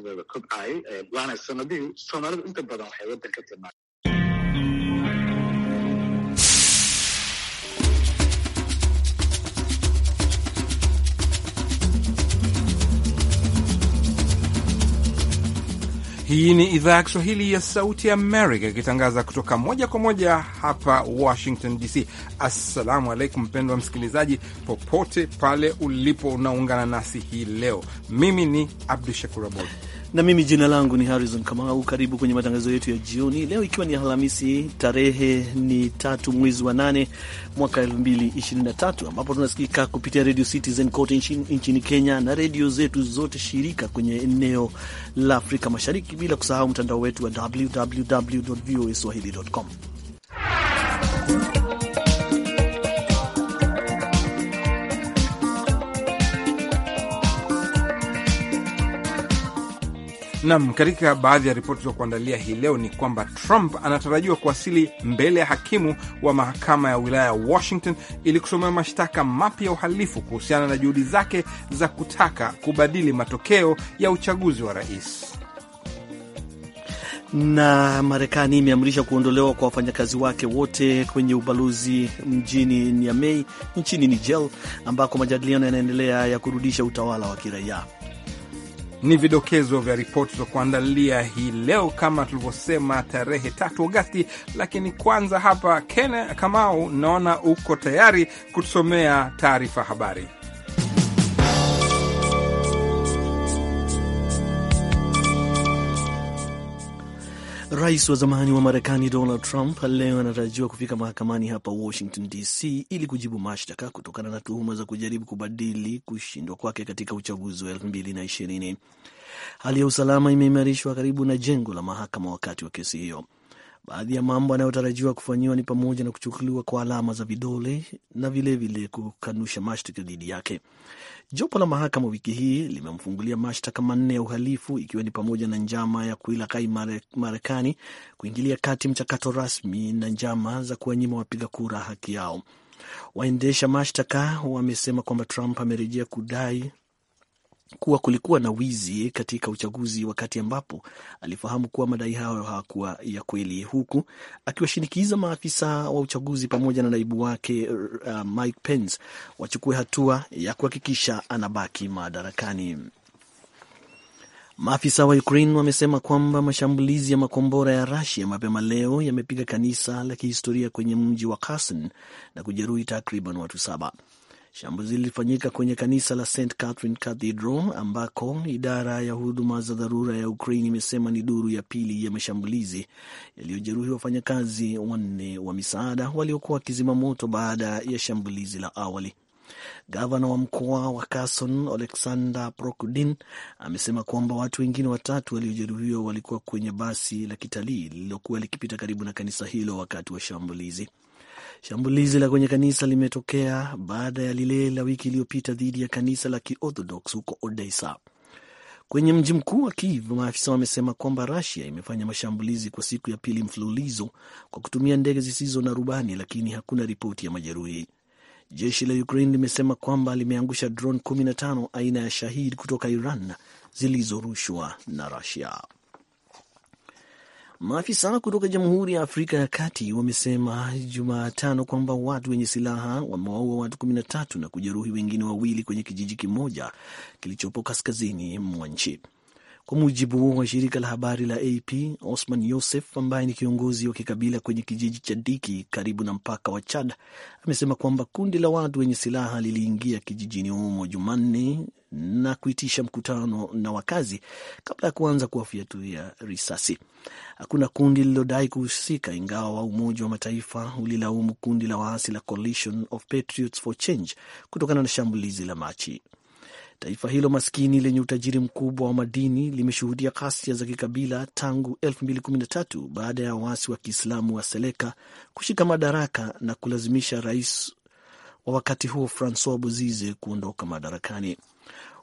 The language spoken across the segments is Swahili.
ganacsigeeda kobcay eh, waana sanadihii Soomaalida inta badan waxay ka timaa Hii ni idhaa ya Kiswahili ya Sauti Amerika ikitangaza kutoka moja kwa moja hapa Washington DC. Assalamu alaikum, mpendwa msikilizaji, popote pale ulipo unaungana nasi hii leo. Mimi ni Abdu Shakur Abud na mimi jina langu ni Harrison Kamau. Karibu kwenye matangazo yetu ya jioni leo, ikiwa ni Alhamisi tarehe ni tatu mwezi wa nane mwaka tatu ambapo tunasikika kupitia Radio Citizen kote nchini Kenya na redio zetu zote shirika kwenye eneo la Afrika Mashariki, bila kusahau mtandao wetu wa www voa swahili.com Nam, katika baadhi ya ripoti za kuandalia hii leo ni kwamba Trump anatarajiwa kuwasili mbele ya hakimu wa mahakama ya wilaya ya Washington ili kusomewa mashtaka mapya ya uhalifu kuhusiana na juhudi zake za kutaka kubadili matokeo ya uchaguzi wa rais. Na Marekani imeamrisha kuondolewa kwa wafanyakazi wake wote kwenye ubalozi mjini Niamey nchini Niger, ambako majadiliano yanaendelea ya kurudisha utawala wa kiraia ni vidokezo vya ripoti za kuandalia hii leo, kama tulivyosema, tarehe tatu Agosti. Lakini kwanza hapa, Kene Kamau, naona uko tayari kutusomea taarifa habari. Rais wa zamani wa Marekani Donald Trump leo anatarajiwa kufika mahakamani hapa Washington DC ili kujibu mashtaka kutokana na tuhuma za kujaribu kubadili kushindwa kwake katika uchaguzi wa elfu ishirini. Hali ya usalama imeimarishwa karibu na jengo la mahakama wakati wa kesi hiyo. Baadhi ya mambo yanayotarajiwa kufanyiwa ni pamoja na kuchukuliwa kwa alama za vidole na vilevile vile kukanusha mashtaka dhidi yake. Jopo la mahakama wiki hii limemfungulia mashtaka manne ya uhalifu ikiwa ni pamoja na njama ya kuila kai Marekani, kuingilia kati mchakato rasmi na njama za kuwanyima wapiga kura haki yao. Waendesha mashtaka wamesema kwamba Trump amerejea kudai kuwa kulikuwa na wizi katika uchaguzi, wakati ambapo alifahamu kuwa madai hayo hawakuwa ya kweli, huku akiwashinikiza maafisa wa uchaguzi pamoja na naibu wake uh, Mike Pence wachukue hatua ya kuhakikisha anabaki madarakani. Maafisa wa Ukraine wamesema kwamba mashambulizi ya makombora ya Rusia mapema leo yamepiga kanisa la kihistoria kwenye mji wa Kherson na kujeruhi takriban watu saba. Shambulizi lilifanyika kwenye kanisa la St Catherine Cathedral ambako idara ya huduma za dharura ya Ukraine imesema ni duru ya pili ya mashambulizi yaliyojeruhi wafanyakazi wanne wa misaada waliokuwa wakizima moto baada ya shambulizi la awali. Gavana wa mkoa wa Kherson Alexander Prokudin amesema kwamba watu wengine watatu waliojeruhiwa walikuwa kwenye basi la kitalii lililokuwa likipita karibu na kanisa hilo wakati wa shambulizi. Shambulizi la kwenye kanisa limetokea baada ya lile la wiki iliyopita dhidi ya kanisa la Kiorthodox huko Odessa kwenye mji mkuu wa Kiev. Maafisa wamesema kwamba rasia imefanya mashambulizi kwa siku ya pili mfululizo kwa kutumia ndege zisizo na rubani, lakini hakuna ripoti ya majeruhi. Jeshi la Ukraine limesema kwamba limeangusha drone 15 aina ya Shahid kutoka Iran zilizorushwa na rusia Maafisa kutoka Jamhuri ya Afrika ya Kati wamesema Jumatano kwamba watu wenye silaha wamewaua watu kumi na tatu na kujeruhi wengine wawili kwenye kijiji kimoja kilichopo kaskazini mwa nchi. Kwa mujibu wa shirika la habari la AP, Osman Yosef ambaye ni kiongozi wa kikabila kwenye kijiji cha Diki karibu na mpaka wa Chad amesema kwamba kundi la watu wenye silaha liliingia kijijini humo Jumanne na kuitisha mkutano na wakazi kabla ya kuanza kuwafyatulia risasi. Hakuna kundi lililodai kuhusika, ingawa Umoja wa Mataifa ulilaumu kundi la waasi la Coalition of Patriots for Change kutokana na shambulizi la Machi. Taifa hilo maskini lenye utajiri mkubwa wa madini limeshuhudia ghasia za kikabila tangu 2013 baada ya waasi wa Kiislamu wa Seleka kushika madaraka na kulazimisha rais wa wakati huo Francois Bozize kuondoka madarakani.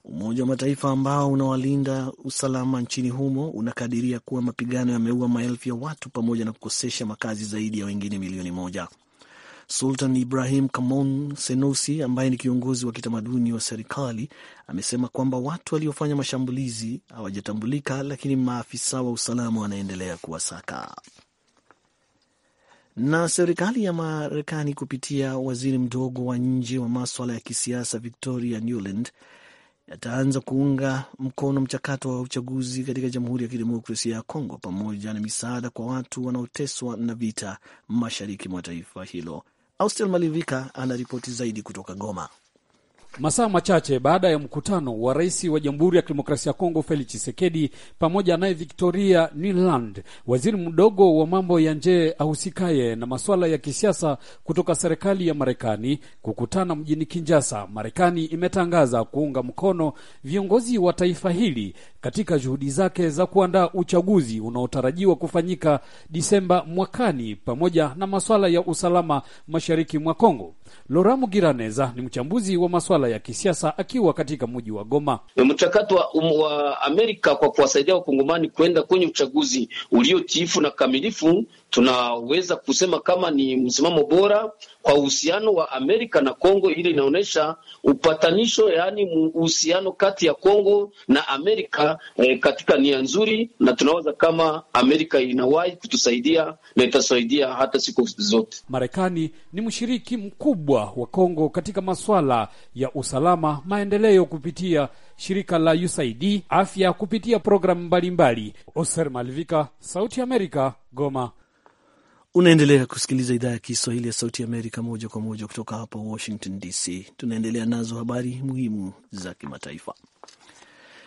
Umoja wa Mataifa ambao unawalinda usalama nchini humo unakadiria kuwa mapigano yameua maelfu ya watu pamoja na kukosesha makazi zaidi ya wengine milioni moja. Sultan Ibrahim Kamon Senusi ambaye ni kiongozi wa kitamaduni wa serikali amesema kwamba watu waliofanya mashambulizi hawajatambulika, lakini maafisa wa usalama wanaendelea kuwasaka. Na serikali ya Marekani kupitia waziri mdogo wa nje wa maswala ya kisiasa Victoria Nuland yataanza kuunga mkono mchakato wa uchaguzi katika Jamhuri ya Kidemokrasia ya Kongo pamoja na misaada kwa watu wanaoteswa na vita mashariki mwa taifa hilo. Austel Malivika ana ripoti zaidi kutoka Goma. Masaa machache baada ya mkutano wa rais wa Jamhuri ya Kidemokrasia ya Kongo Felix Tshisekedi pamoja naye Victoria Nuland, waziri mdogo wa mambo ya nje ahusikaye na masuala ya kisiasa kutoka serikali ya Marekani kukutana mjini kinjasa Marekani imetangaza kuunga mkono viongozi wa taifa hili katika juhudi zake za kuandaa uchaguzi unaotarajiwa kufanyika Disemba mwakani pamoja na masuala ya usalama mashariki mwa Kongo. Lora Mugiraneza ni mchambuzi wa masuala ya kisiasa akiwa katika mji wa Goma. Mchakato wa, um, wa Amerika kwa kuwasaidia wakongomani kwenda kwenye uchaguzi uliotiifu na kamilifu tunaweza kusema kama ni msimamo bora kwa uhusiano wa Amerika na Kongo. Ili inaonyesha upatanisho, yaani uhusiano kati ya Kongo na Amerika eh, katika nia nzuri, na tunawaza kama Amerika inawahi kutusaidia na itasaidia hata siku zote. Marekani ni mshiriki mkubwa wa Kongo katika masuala ya usalama, maendeleo kupitia shirika la USAID, afya kupitia programu mbalimbali. Oser Malvika, Sauti ya Amerika, Goma. Unaendelea kusikiliza idhaa ya Kiswahili ya Sauti ya Amerika moja kwa moja kutoka hapa Washington DC. Tunaendelea nazo habari muhimu za kimataifa.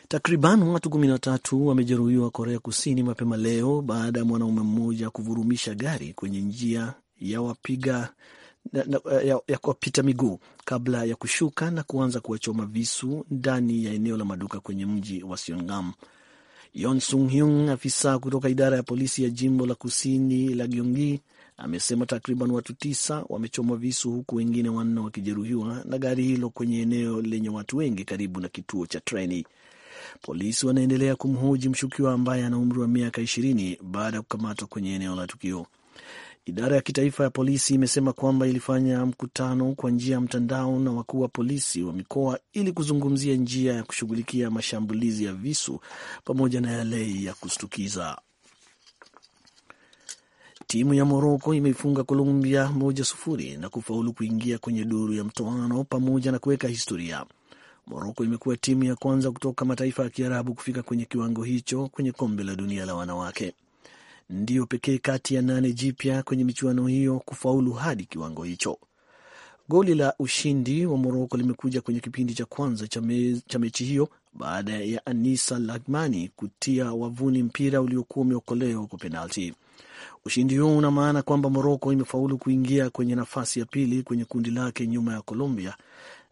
Takriban watu kumi na tatu wamejeruhiwa Korea Kusini mapema leo baada ya mwanaume mmoja kuvurumisha gari kwenye njia ya wapiga ya, ya kuwapita miguu kabla ya kushuka na kuanza kuwachoma visu ndani ya eneo la maduka kwenye mji wa siongam Yon Sung Hyung, afisa kutoka idara ya polisi ya jimbo la kusini la Gyeonggi, amesema takriban watu tisa wamechomwa visu huku wengine wanne wakijeruhiwa na gari hilo kwenye eneo lenye watu wengi karibu na kituo cha treni. Polisi wanaendelea kumhoji mshukiwa ambaye ana umri wa miaka ishirini baada ya kukamatwa kwenye eneo la tukio. Idara ya kitaifa ya polisi imesema kwamba ilifanya mkutano kwa njia ya mtandao na wakuu wa polisi wa mikoa ili kuzungumzia njia ya kushughulikia mashambulizi ya visu pamoja na yale ya kushtukiza. Timu ya Moroko imeifunga Colombia moja sufuri na kufaulu kuingia kwenye duru ya mtoano pamoja na kuweka historia. Moroko imekuwa timu ya kwanza kutoka mataifa ya Kiarabu kufika kwenye kiwango hicho kwenye kombe la dunia la wanawake ndiyo pekee kati ya nane jipya kwenye michuano hiyo kufaulu hadi kiwango hicho. Goli la ushindi wa Moroko limekuja kwenye kipindi cha kwanza cha mechi hiyo baada ya Anisa Lagmani kutia wavuni mpira uliokuwa umeokolewa kwa penalti. Ushindi huo una maana kwamba Moroko imefaulu kuingia kwenye nafasi ya pili kwenye kundi lake nyuma ya Colombia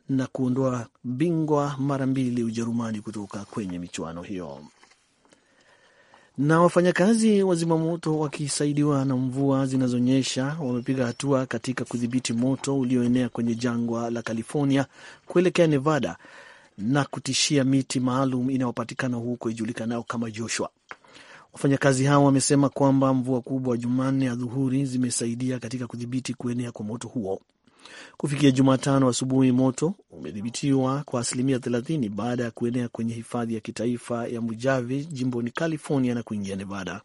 na kuondoa bingwa mara mbili Ujerumani kutoka kwenye michuano hiyo. Na wafanyakazi wa zimamoto wakisaidiwa na mvua zinazonyesha wamepiga hatua katika kudhibiti moto ulioenea kwenye jangwa la California kuelekea Nevada na kutishia miti maalum inayopatikana huko ijulikanayo kama Joshua. Wafanyakazi hao wamesema kwamba mvua kubwa Jumanne adhuhuri zimesaidia katika kudhibiti kuenea kwa moto huo. Kufikia Jumatano asubuhi, moto umedhibitiwa kwa asilimia 30 baada ya kuenea kwenye hifadhi ya kitaifa ya mujavi jimboni California na kuingia Nevada.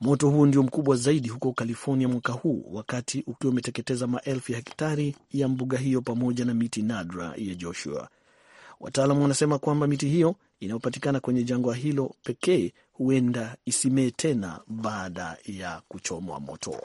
Moto huo ndio mkubwa zaidi huko California mwaka huu, wakati ukiwa umeteketeza maelfu ya hektari ya mbuga hiyo pamoja na miti nadra ya Joshua. wataalam wanasema kwamba miti hiyo inayopatikana kwenye jangwa hilo pekee huenda isimee tena baada ya kuchomwa moto.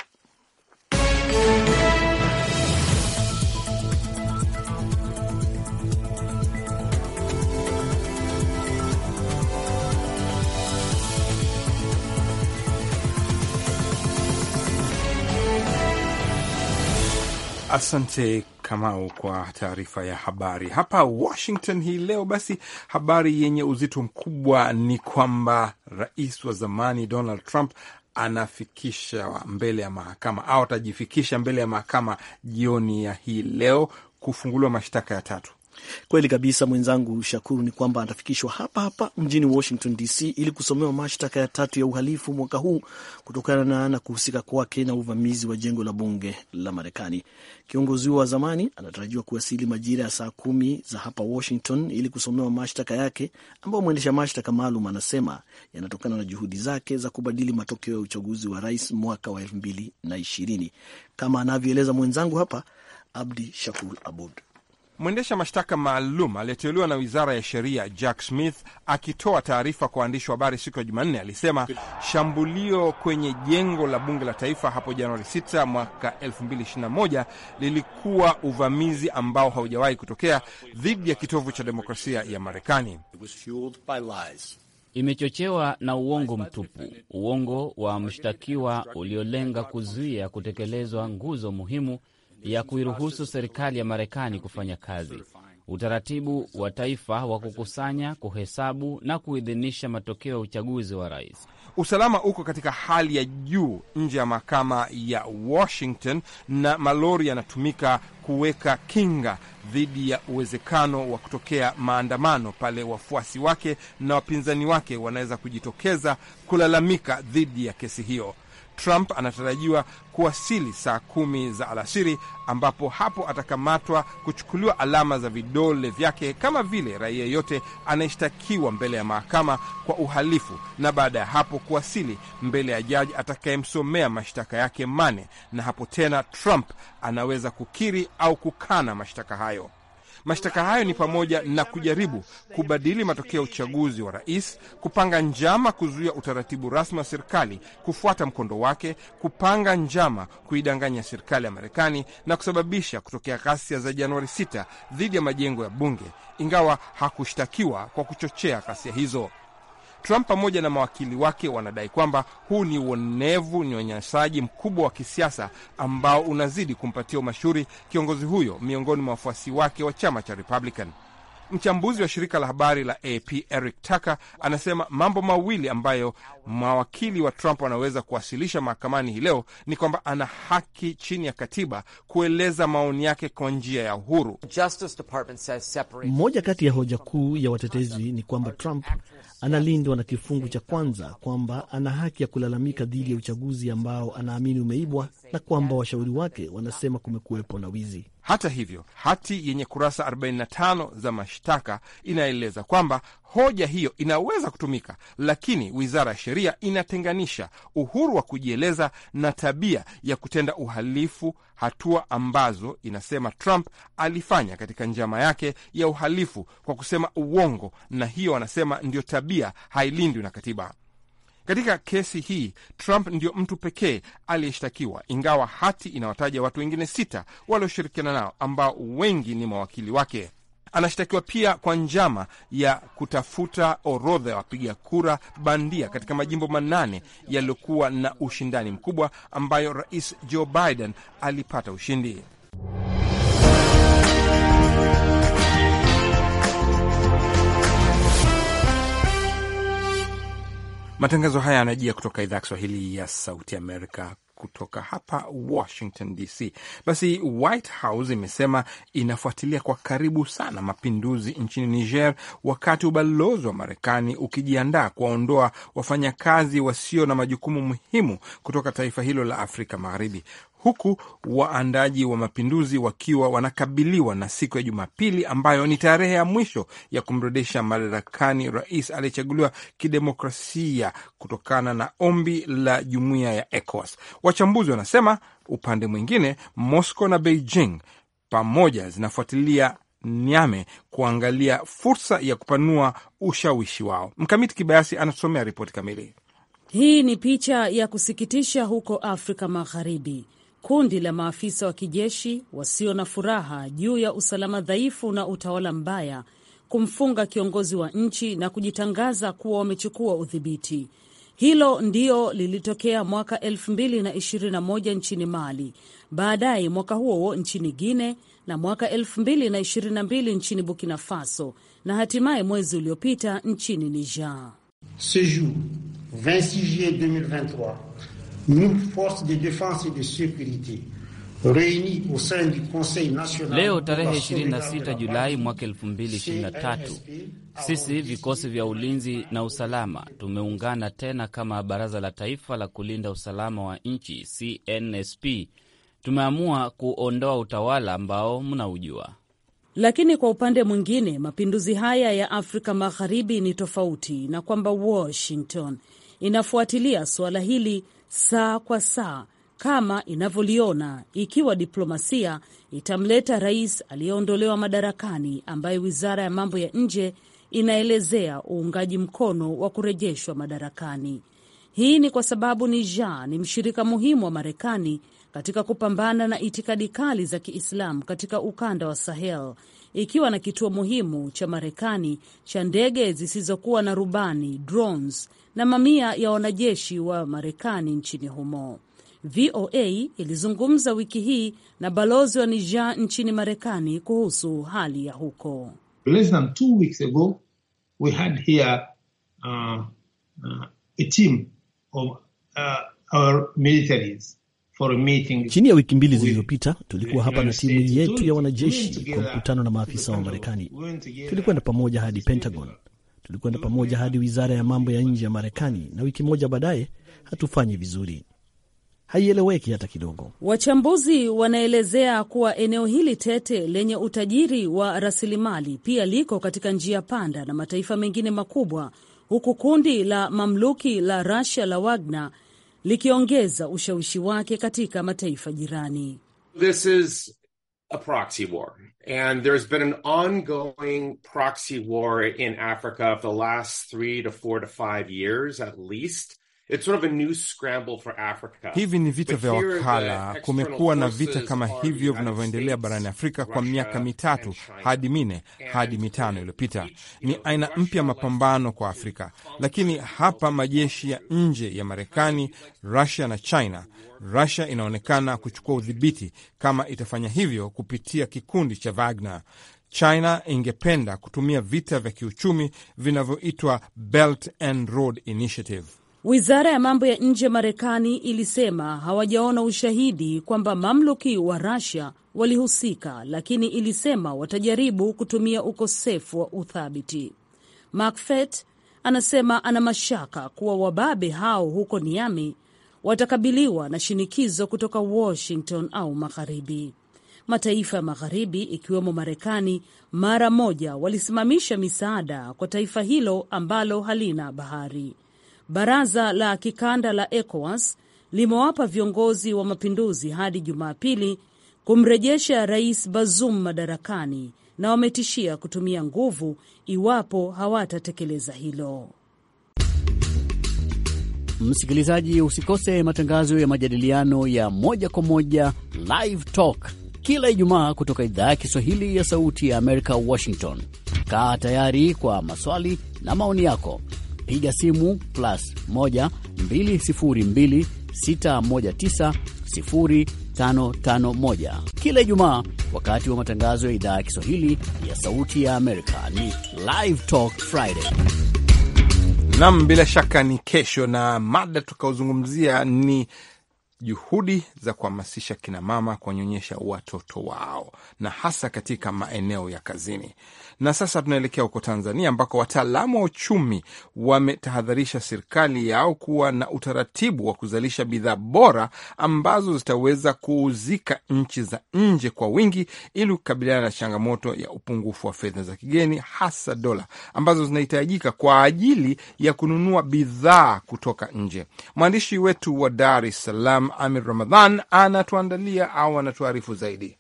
Asante Kamau kwa taarifa ya habari hapa Washington hii leo. Basi habari yenye uzito mkubwa ni kwamba rais wa zamani Donald Trump anafikisha mbele ya mahakama au atajifikisha mbele ya mahakama jioni ya hii leo kufunguliwa mashtaka ya tatu. Kweli kabisa mwenzangu Shakuru, ni kwamba atafikishwa hapa hapa mjini Washington DC ili kusomewa mashtaka ya tatu ya uhalifu mwaka huu kutokana na, na kuhusika kwake na uvamizi wa jengo la bunge la Marekani. Kiongozi huo wa zamani anatarajiwa kuwasili majira ya saa kumi za hapa Washington ili kusomewa mashtaka yake ambayo mwendesha mashtaka maalum anasema yanatokana na juhudi zake za kubadili matokeo ya uchaguzi wa rais mwaka wa elfu mbili na ishirini kama anavyoeleza mwenzangu hapa Abdi Shakur Abud. Mwendesha mashtaka maalum aliyeteuliwa na wizara ya sheria Jack Smith akitoa taarifa kwa waandishi wa habari siku ya Jumanne alisema shambulio kwenye jengo la bunge la taifa hapo Januari 6 mwaka 2021 lilikuwa uvamizi ambao haujawahi kutokea dhidi ya kitovu cha demokrasia ya Marekani. Imechochewa na uongo mtupu, uongo wa mshtakiwa uliolenga kuzuia kutekelezwa nguzo muhimu ya kuiruhusu serikali ya Marekani kufanya kazi. Utaratibu wa taifa wa kukusanya, kuhesabu na kuidhinisha matokeo ya uchaguzi wa rais. Usalama uko katika hali ya juu nje ya mahakama ya Washington, na malori yanatumika kuweka kinga dhidi ya uwezekano wa kutokea maandamano pale wafuasi wake na wapinzani wake wanaweza kujitokeza kulalamika dhidi ya kesi hiyo. Trump anatarajiwa kuwasili saa kumi za alasiri, ambapo hapo atakamatwa kuchukuliwa alama za vidole vyake kama vile raia yote anayeshtakiwa mbele ya mahakama kwa uhalifu, na baada ya hapo kuwasili mbele ya jaji atakayemsomea mashtaka yake mane, na hapo tena Trump anaweza kukiri au kukana mashtaka hayo. Mashtaka hayo ni pamoja na kujaribu kubadili matokeo ya uchaguzi wa rais, kupanga njama kuzuia utaratibu rasmi wa serikali kufuata mkondo wake, kupanga njama kuidanganya serikali ya Marekani na kusababisha kutokea ghasia za Januari 6 dhidi ya majengo ya bunge, ingawa hakushtakiwa kwa kuchochea ghasia hizo. Trump pamoja na mawakili wake wanadai kwamba huu ni uonevu, nyonyasaji unyanyasaji mkubwa wa kisiasa ambao unazidi kumpatia umashuri kiongozi huyo miongoni mwa wafuasi wake wa chama cha Republican. Mchambuzi wa shirika la habari la AP Eric Tucker anasema mambo mawili ambayo mawakili wa Trump wanaweza kuwasilisha mahakamani hii leo ni kwamba ana haki chini ya katiba kueleza maoni yake kwa njia ya uhuru. Moja kati ya hoja kuu ya watetezi ni kwamba Trump analindwa na kifungu cha kwanza, kwamba ana haki ya kulalamika dhidi ya uchaguzi ambao anaamini umeibwa na kwamba washauri wake wanasema kumekuwepo na wizi. Hata hivyo, hati yenye kurasa 45 za mashtaka inaeleza kwamba hoja hiyo inaweza kutumika, lakini wizara ya sheria inatenganisha uhuru wa kujieleza na tabia ya kutenda uhalifu, hatua ambazo inasema Trump alifanya katika njama yake ya uhalifu kwa kusema uongo, na hiyo wanasema ndiyo tabia hailindwi na katiba. Katika kesi hii Trump ndio mtu pekee aliyeshtakiwa, ingawa hati inawataja watu wengine sita walioshirikiana nao ambao wengi ni mawakili wake. Anashtakiwa pia kwa njama ya kutafuta orodha ya wapiga kura bandia katika majimbo manane yaliyokuwa na ushindani mkubwa ambayo Rais Joe Biden alipata ushindi. Matangazo haya yanajia kutoka idhaa ya Kiswahili ya Sauti Amerika kutoka hapa Washington DC. Basi White House imesema inafuatilia kwa karibu sana mapinduzi nchini Niger, wakati ubalozi wa Marekani ukijiandaa kuwaondoa wafanyakazi wasio na majukumu muhimu kutoka taifa hilo la Afrika Magharibi huku waandaji wa mapinduzi wakiwa wanakabiliwa na siku ya Jumapili ambayo ni tarehe ya mwisho ya kumrudisha madarakani rais aliyechaguliwa kidemokrasia kutokana na ombi la jumuiya ya ECOWAS. Wachambuzi wanasema upande mwingine, Moscow na Beijing pamoja zinafuatilia Niame kuangalia fursa ya kupanua ushawishi wao. Mkamiti Kibayasi anatusomea ripoti kamili. Hii ni picha ya kusikitisha huko Afrika Magharibi. Kundi la maafisa wa kijeshi wasio na furaha juu ya usalama dhaifu na utawala mbaya, kumfunga kiongozi wa nchi na kujitangaza kuwa wamechukua udhibiti. Hilo ndio lilitokea mwaka 2021 nchini Mali, baadaye mwaka huo huo nchini guine na mwaka 2022 nchini Burkina Faso na hatimaye mwezi uliopita nchini Niger. Nous, de défense et de sécurité Leo tarehe 26 Julai mwaka 2023, sisi vikosi vya ulinzi na usalama tumeungana tena kama Baraza la Taifa la Kulinda Usalama wa Nchi, CNSP. Tumeamua kuondoa utawala ambao mnaujua. Lakini kwa upande mwingine, mapinduzi haya ya Afrika Magharibi ni tofauti, na kwamba Washington inafuatilia suala hili saa kwa saa kama inavyoliona ikiwa diplomasia itamleta rais aliyeondolewa madarakani ambaye wizara ya mambo ya nje inaelezea uungaji mkono wa kurejeshwa madarakani. Hii ni kwa sababu Niger ni mshirika muhimu wa Marekani katika kupambana na itikadi kali za Kiislamu katika ukanda wa Sahel ikiwa na kituo muhimu cha Marekani cha ndege zisizokuwa na rubani drones, na mamia ya wanajeshi wa Marekani nchini humo. VOA ilizungumza wiki hii na balozi wa Niger nchini Marekani kuhusu hali ya huko. Less than two weeks ago, we had here, uh, uh, a team of, uh, our militaries Chini ya wiki mbili zilizopita tulikuwa hapa na timu yetu ya wanajeshi kwa mkutano na maafisa wa Marekani. Tulikwenda pamoja hadi Pentagon, tulikwenda pamoja hadi wizara ya mambo ya nje ya Marekani, na wiki moja baadaye hatufanyi vizuri. Haieleweki hata kidogo. Wachambuzi wanaelezea kuwa eneo hili tete lenye utajiri wa rasilimali pia liko katika njia panda na mataifa mengine makubwa, huku kundi la mamluki la Russia la Wagner likiongeza ushawishi wake katika mataifa jirani. This is a proxy war and there's been an ongoing proxy war in Africa for the last three to four to five years at least. Hivi ni vita vya wakala. Kumekuwa na vita kama hivyo vinavyoendelea barani Afrika kwa miaka mitatu hadi minne hadi mitano uh, iliyopita. Ni aina mpya mapambano kwa Afrika, lakini hapa majeshi ya nje ya Marekani, Rusia na China. Rusia inaonekana kuchukua udhibiti kama itafanya hivyo kupitia kikundi cha Wagner. China ingependa kutumia vita vya kiuchumi vinavyoitwa Belt and Road Initiative. Wizara ya mambo ya nje ya Marekani ilisema hawajaona ushahidi kwamba mamluki wa rasia walihusika, lakini ilisema watajaribu kutumia ukosefu wa uthabiti. Macfet anasema ana mashaka kuwa wababe hao huko Niami watakabiliwa na shinikizo kutoka Washington au magharibi. Mataifa ya magharibi ikiwemo Marekani mara moja walisimamisha misaada kwa taifa hilo ambalo halina bahari. Baraza la kikanda la ECOWAS limewapa viongozi wa mapinduzi hadi Jumapili kumrejesha Rais Bazoum madarakani na wametishia kutumia nguvu iwapo hawatatekeleza hilo. Msikilizaji, usikose matangazo ya majadiliano ya moja kwa moja Live Talk kila Ijumaa kutoka idhaa ya Kiswahili ya Sauti ya Amerika, Washington. Kaa tayari kwa maswali na maoni yako piga simu plus 1 kila Ijumaa wakati wa matangazo ya idhaa ya Kiswahili ya Sauti ya Amerika. Ni Live Talk Friday nam, bila shaka ni kesho, na mada tukaozungumzia ni juhudi za kuhamasisha kinamama kuwanyonyesha watoto wao na hasa katika maeneo ya kazini. Na sasa tunaelekea huko Tanzania ambako wataalamu wa uchumi wametahadharisha serikali yao kuwa na utaratibu wa kuzalisha bidhaa bora ambazo zitaweza kuuzika nchi za nje kwa wingi ili kukabiliana na changamoto ya upungufu wa fedha za kigeni hasa dola ambazo zinahitajika kwa ajili ya kununua bidhaa kutoka nje. Mwandishi wetu wa Dar es Salaam Amir Ramadhan anatuandalia au anatuarifu zaidi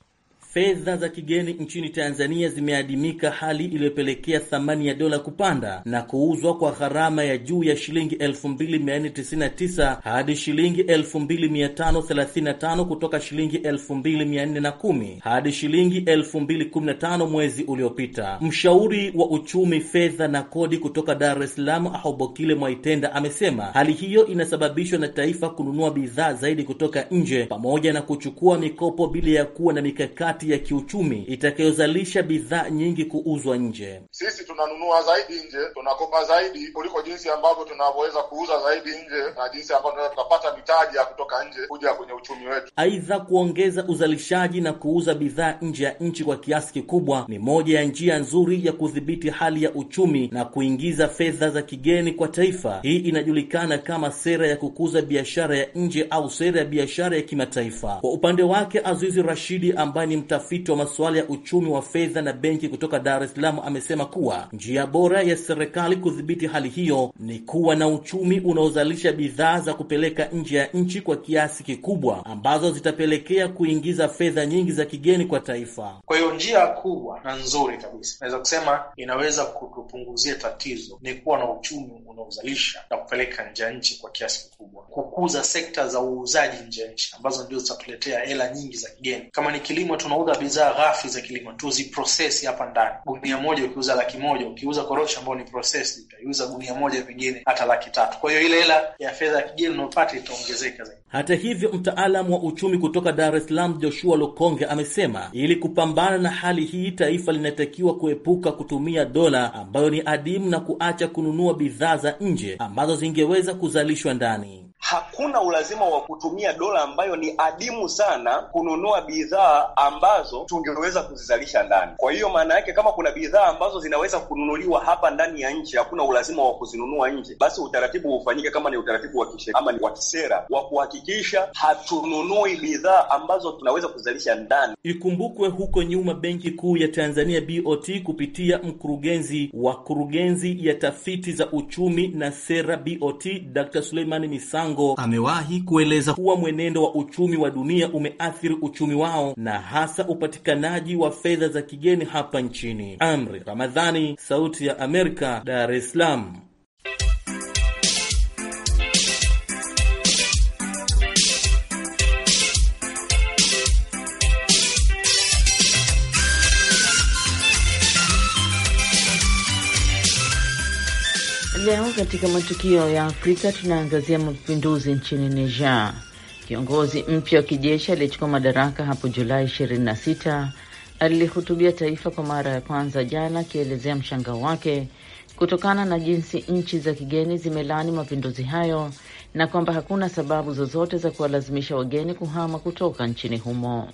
fedha za kigeni nchini Tanzania zimeadimika, hali iliyopelekea thamani ya dola kupanda na kuuzwa kwa gharama ya juu ya shilingi 2499 hadi shilingi 2535 kutoka shilingi 2410 hadi shilingi 2015 mwezi uliopita. Mshauri wa uchumi, fedha na kodi kutoka Dar es Salaam Ahobokile Mwaitenda amesema hali hiyo inasababishwa na taifa kununua bidhaa zaidi kutoka nje pamoja na kuchukua mikopo bila ya kuwa na mikakati nafasi ya kiuchumi itakayozalisha bidhaa nyingi kuuzwa nje. Sisi tunanunua zaidi nje, tunakopa zaidi kuliko jinsi ambavyo tunavyoweza kuuza zaidi nje na jinsi ambavyo tunaweza tukapata mitaji ya kutoka nje kuja kwenye uchumi wetu. Aidha, kuongeza uzalishaji na kuuza bidhaa nje ya nchi kwa kiasi kikubwa ni moja ya njia nzuri ya kudhibiti hali ya uchumi na kuingiza fedha za kigeni kwa taifa. Hii inajulikana kama sera ya kukuza biashara ya nje au sera ya biashara ya kimataifa. Kwa upande wake, Azizi Rashidi ambaye ni mtafiti wa masuala ya uchumi wa fedha na benki kutoka Dar es Salaam amesema kuwa njia bora ya serikali kudhibiti hali hiyo ni kuwa na uchumi unaozalisha bidhaa za kupeleka nje ya nchi kwa kiasi kikubwa ambazo zitapelekea kuingiza fedha nyingi za kigeni kwa taifa. Kwa hiyo njia kubwa na nzuri kabisa naweza kusema inaweza kutupunguzia tatizo ni kuwa na uchumi unaozalisha na kupeleka nje ya nchi kwa kiasi kikubwa, kukuza sekta za uuzaji nje ya nchi ambazo ndio zitatuletea hela nyingi za kigeni. Kama ni kilimo tuna tunauza bidhaa ghafi za kilimo, tuziprocess hapa ndani. Gunia moja ukiuza laki moja, ukiuza korosho ambayo ni processed utaiuza gunia moja pengine hata laki tatu. Kwa hiyo ile hela ya fedha ya kigeni unayopata itaongezeka zaidi. Hata hivyo, mtaalamu wa uchumi kutoka Dar es Salaam Joshua Lokonge amesema ili kupambana na hali hii, taifa linatakiwa kuepuka kutumia dola ambayo ni adimu na kuacha kununua bidhaa za nje ambazo zingeweza kuzalishwa ndani hakuna ulazima wa kutumia dola ambayo ni adimu sana kununua bidhaa ambazo tungeweza kuzizalisha ndani. Kwa hiyo maana yake kama kuna bidhaa ambazo zinaweza kununuliwa hapa ndani ya nchi, hakuna ulazima wa kuzinunua nje, basi utaratibu hufanyike kama ni utaratibu wa kisheria ama ni wa kisera wa kuhakikisha hatununui bidhaa ambazo tunaweza kuzalisha ndani. Ikumbukwe huko nyuma, Benki Kuu ya Tanzania BOT kupitia mkurugenzi wa kurugenzi ya tafiti za uchumi na sera BOT Dr. Suleiman Misango Mpango amewahi kueleza kuwa mwenendo wa uchumi wa dunia umeathiri uchumi wao na hasa upatikanaji wa fedha za kigeni hapa nchini. Amri Ramadhani, Sauti ya Amerika, Dar es Salaam. Leo katika matukio ya Afrika tunaangazia mapinduzi nchini Niger. Kiongozi mpya wa kijeshi aliyechukua madaraka hapo Julai 26 alihutubia taifa kwa mara ya kwanza jana, akielezea mshangao wake kutokana na jinsi nchi za kigeni zimelaani mapinduzi hayo na kwamba hakuna sababu zozote za kuwalazimisha wageni kuhama kutoka nchini humo.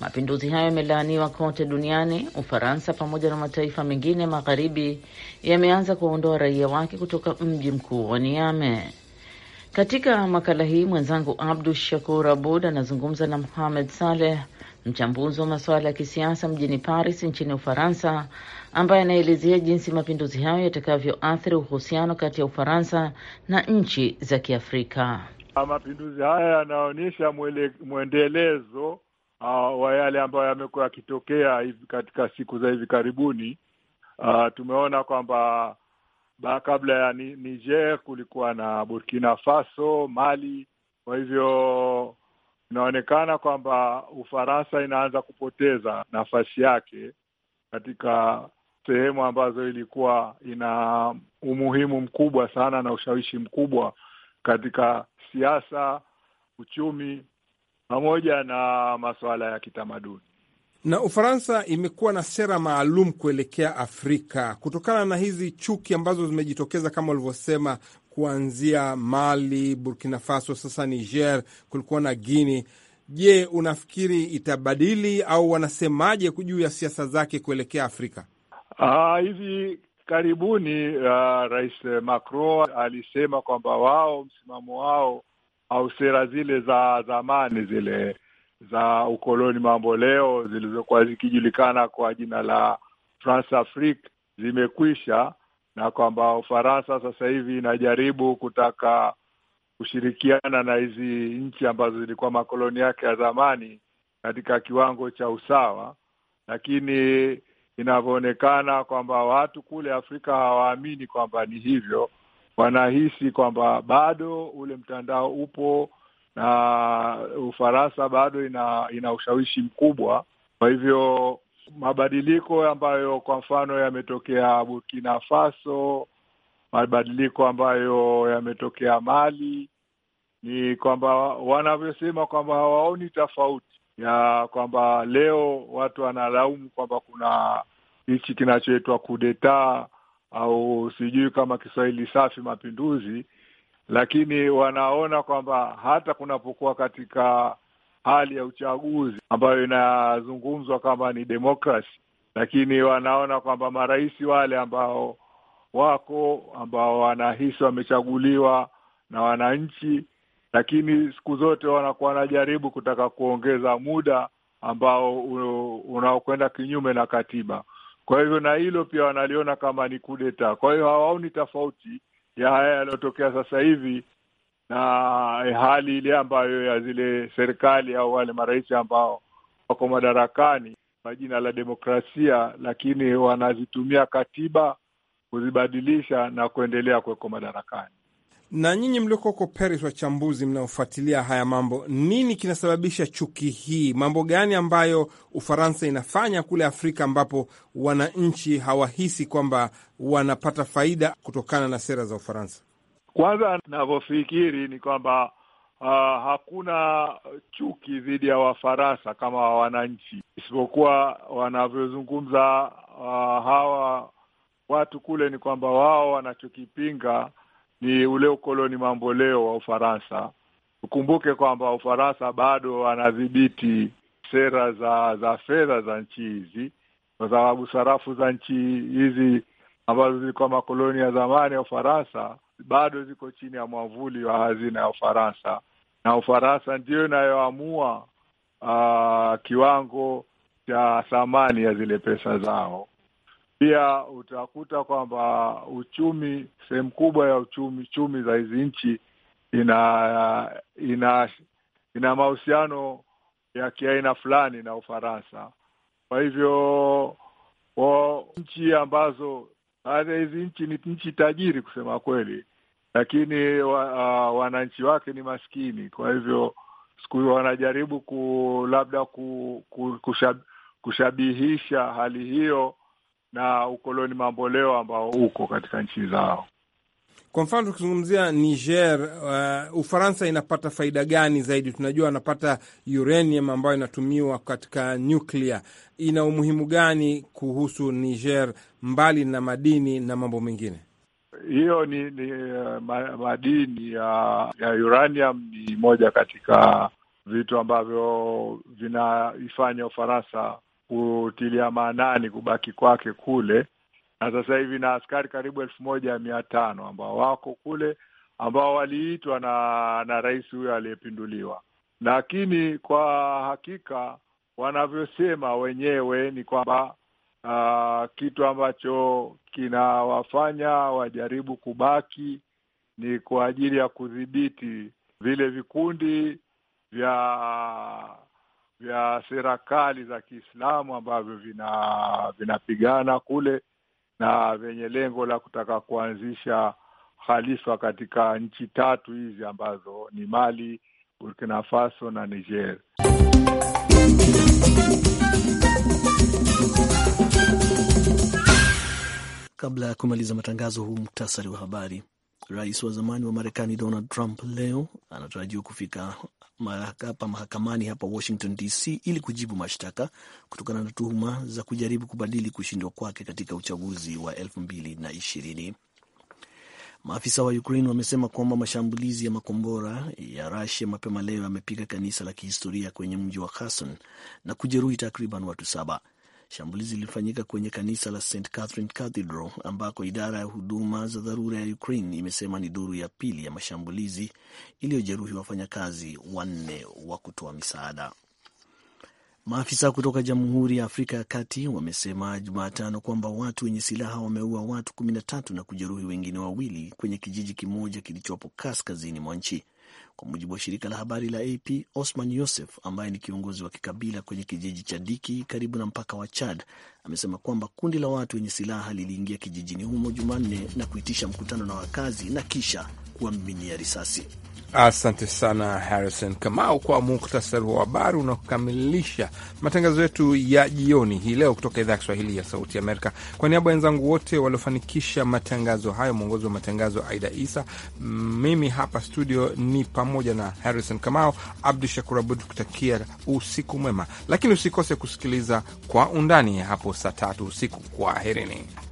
Mapinduzi hayo yamelaaniwa kote duniani. Ufaransa pamoja na mataifa mengine magharibi yameanza kuwaondoa raia wake kutoka mji mkuu wa Niame. Katika makala hii mwenzangu Abdu Shakur Abud anazungumza na Muhamed Saleh, mchambuzi wa masuala ya kisiasa mjini Paris nchini Ufaransa, ambaye anaelezea jinsi mapinduzi hayo yatakavyoathiri uhusiano kati ya Ufaransa na nchi za Kiafrika. Mapinduzi haya yanaonyesha mwendelezo uh, wa yale ambayo yamekuwa yakitokea katika siku za hivi karibuni. Uh, tumeona kwamba kabla ya Niger kulikuwa na Burkina Faso, Mali. Kwa hivyo inaonekana kwamba Ufaransa inaanza kupoteza nafasi yake katika sehemu ambazo ilikuwa ina umuhimu mkubwa sana na ushawishi mkubwa katika siasa, uchumi pamoja na masuala ya kitamaduni. Na Ufaransa imekuwa na sera maalum kuelekea Afrika kutokana na hizi chuki ambazo zimejitokeza kama ulivyosema, kuanzia Mali, Burkina Faso, sasa Niger, kulikuwa na Guini. Je, unafikiri itabadili au wanasemaje juu ya siasa zake kuelekea Afrika? Aa, ah, hivi karibuni uh, Rais Macron alisema kwamba wao msimamo wao au sera zile za zamani zile za ukoloni mambo leo zilizokuwa zikijulikana kwa jina la Transafrique zimekwisha, na kwamba Ufaransa sasa hivi inajaribu kutaka kushirikiana na hizi nchi ambazo zilikuwa makoloni yake ya zamani katika kiwango cha usawa, lakini inavyoonekana kwamba watu kule Afrika hawaamini kwamba ni hivyo, wanahisi kwamba bado ule mtandao upo na Ufaransa bado ina, ina ushawishi mkubwa. Kwa hivyo mabadiliko ambayo kwa mfano yametokea Burkina Faso, mabadiliko ambayo yametokea Mali ni kwamba wanavyosema kwamba hawaoni tofauti ya kwamba leo watu wanalaumu kwamba kuna hichi kinachoitwa kudetaa au sijui kama Kiswahili safi mapinduzi, lakini wanaona kwamba hata kunapokuwa katika hali ya uchaguzi ambayo inazungumzwa kama ni demokrasi, lakini wanaona kwamba marais wale ambao wako ambao wanahisi wamechaguliwa na wananchi, lakini siku zote wanakuwa wanajaribu kutaka kuongeza muda ambao unaokwenda kinyume na katiba. Kwa hivyo na hilo pia wanaliona kama ni kudeta. Kwa hiyo hawaoni tofauti ya haya yaliyotokea sasa hivi na hali ile ambayo ya zile serikali au wale marais ambao wako madarakani kwa jina la demokrasia, lakini wanazitumia katiba kuzibadilisha na kuendelea kuweko madarakani. Na nyinyi mlioko huko Paris, wachambuzi mnaofuatilia haya mambo, nini kinasababisha chuki hii? Mambo gani ambayo Ufaransa inafanya kule Afrika ambapo wananchi hawahisi kwamba wanapata faida kutokana na sera za Ufaransa? Kwanza navyofikiri ni kwamba uh, hakuna chuki dhidi ya Wafaransa kama wananchi, isipokuwa wanavyozungumza uh, hawa watu kule ni kwamba wao wanachokipinga ni ule ukoloni mambo leo wa Ufaransa. ukumbuke kwamba Ufaransa bado wanadhibiti sera za za fedha za nchi hizi, kwa sababu sarafu za nchi hizi ambazo zilikuwa makoloni ya zamani ya Ufaransa bado ziko chini ya mwavuli wa hazina ya Ufaransa, na Ufaransa ndiyo inayoamua uh, kiwango cha thamani ya zile pesa zao. Pia utakuta kwamba uchumi, sehemu kubwa ya uchumi chumi za hizi nchi ina ina ina mahusiano ya kiaina fulani na Ufaransa. Kwa hivyo nchi ambazo hizi nchi ni nchi tajiri kusema kweli, lakini wa, uh, wananchi wake ni maskini. Kwa hivyo siku wanajaribu ku labda ku, ku, kushab, kushabihisha hali hiyo na ukoloni mamboleo ambao uko katika nchi zao. Kwa mfano tukizungumzia Niger, uh, Ufaransa inapata faida gani zaidi? Tunajua anapata uranium ambayo inatumiwa katika nyuklia. Ina umuhimu gani kuhusu Niger, mbali na madini na mambo mengine? Hiyo ni, ni uh, ma, madini ya, ya uranium ni moja katika vitu ambavyo vinaifanya Ufaransa kutilia maanani kubaki kwake kule, na sasa hivi na askari karibu elfu moja mia tano ambao wako kule ambao waliitwa na na rais huyo aliyepinduliwa. Lakini kwa hakika wanavyosema wenyewe ni kwamba uh, kitu ambacho kinawafanya wajaribu kubaki ni kwa ajili ya kudhibiti vile vikundi vya vya serikali za Kiislamu ambavyo vina vinapigana kule na vyenye lengo la kutaka kuanzisha khalifa katika nchi tatu hizi ambazo ni Mali, Burkina Faso na Niger. Kabla ya kumaliza matangazo, huu muktasari wa habari. Rais wa zamani wa Marekani Donald Trump leo anatarajiwa kufika hapa mahakamani hapa Washington DC ili kujibu mashtaka kutokana na tuhuma za kujaribu kubadili kushindwa kwake katika uchaguzi wa elfu mbili na ishirini. Maafisa wa Ukraine wamesema kwamba mashambulizi ya makombora ya rasia mapema leo yamepiga kanisa la kihistoria kwenye mji wa Kherson na kujeruhi takriban watu saba. Shambulizi lilifanyika kwenye kanisa la St Catherine Cathedral ambako idara ya huduma za dharura ya Ukraine imesema ni duru ya pili ya mashambulizi iliyojeruhi wafanyakazi wanne wa kutoa misaada. Maafisa kutoka Jamhuri ya Afrika ya Kati wamesema Jumatano kwamba watu wenye silaha wameua watu kumi na tatu na kujeruhi wengine wawili kwenye kijiji kimoja kilichopo kaskazini mwa nchi. Kwa mujibu wa shirika la habari la AP, Osman Yosef ambaye ni kiongozi wa kikabila kwenye kijiji cha Diki karibu na mpaka wa Chad amesema kwamba kundi la watu wenye silaha liliingia kijijini humo Jumanne na kuitisha mkutano na wakazi na kisha kuwamiminia risasi. Asante sana Harrison Kamau kwa muktasari wa habari unaokamilisha matangazo yetu ya jioni hii leo kutoka idhaa ya Kiswahili ya Sauti Amerika. Kwa niaba ya wenzangu wote waliofanikisha matangazo hayo, mwongozi wa matangazo Aida Isa, mimi hapa studio ni pamoja na Harrison Kamau, Abdu Shakur Abud, kutakia usiku mwema, lakini usikose kusikiliza Kwa Undani hapo saa tatu usiku. Kwaherini.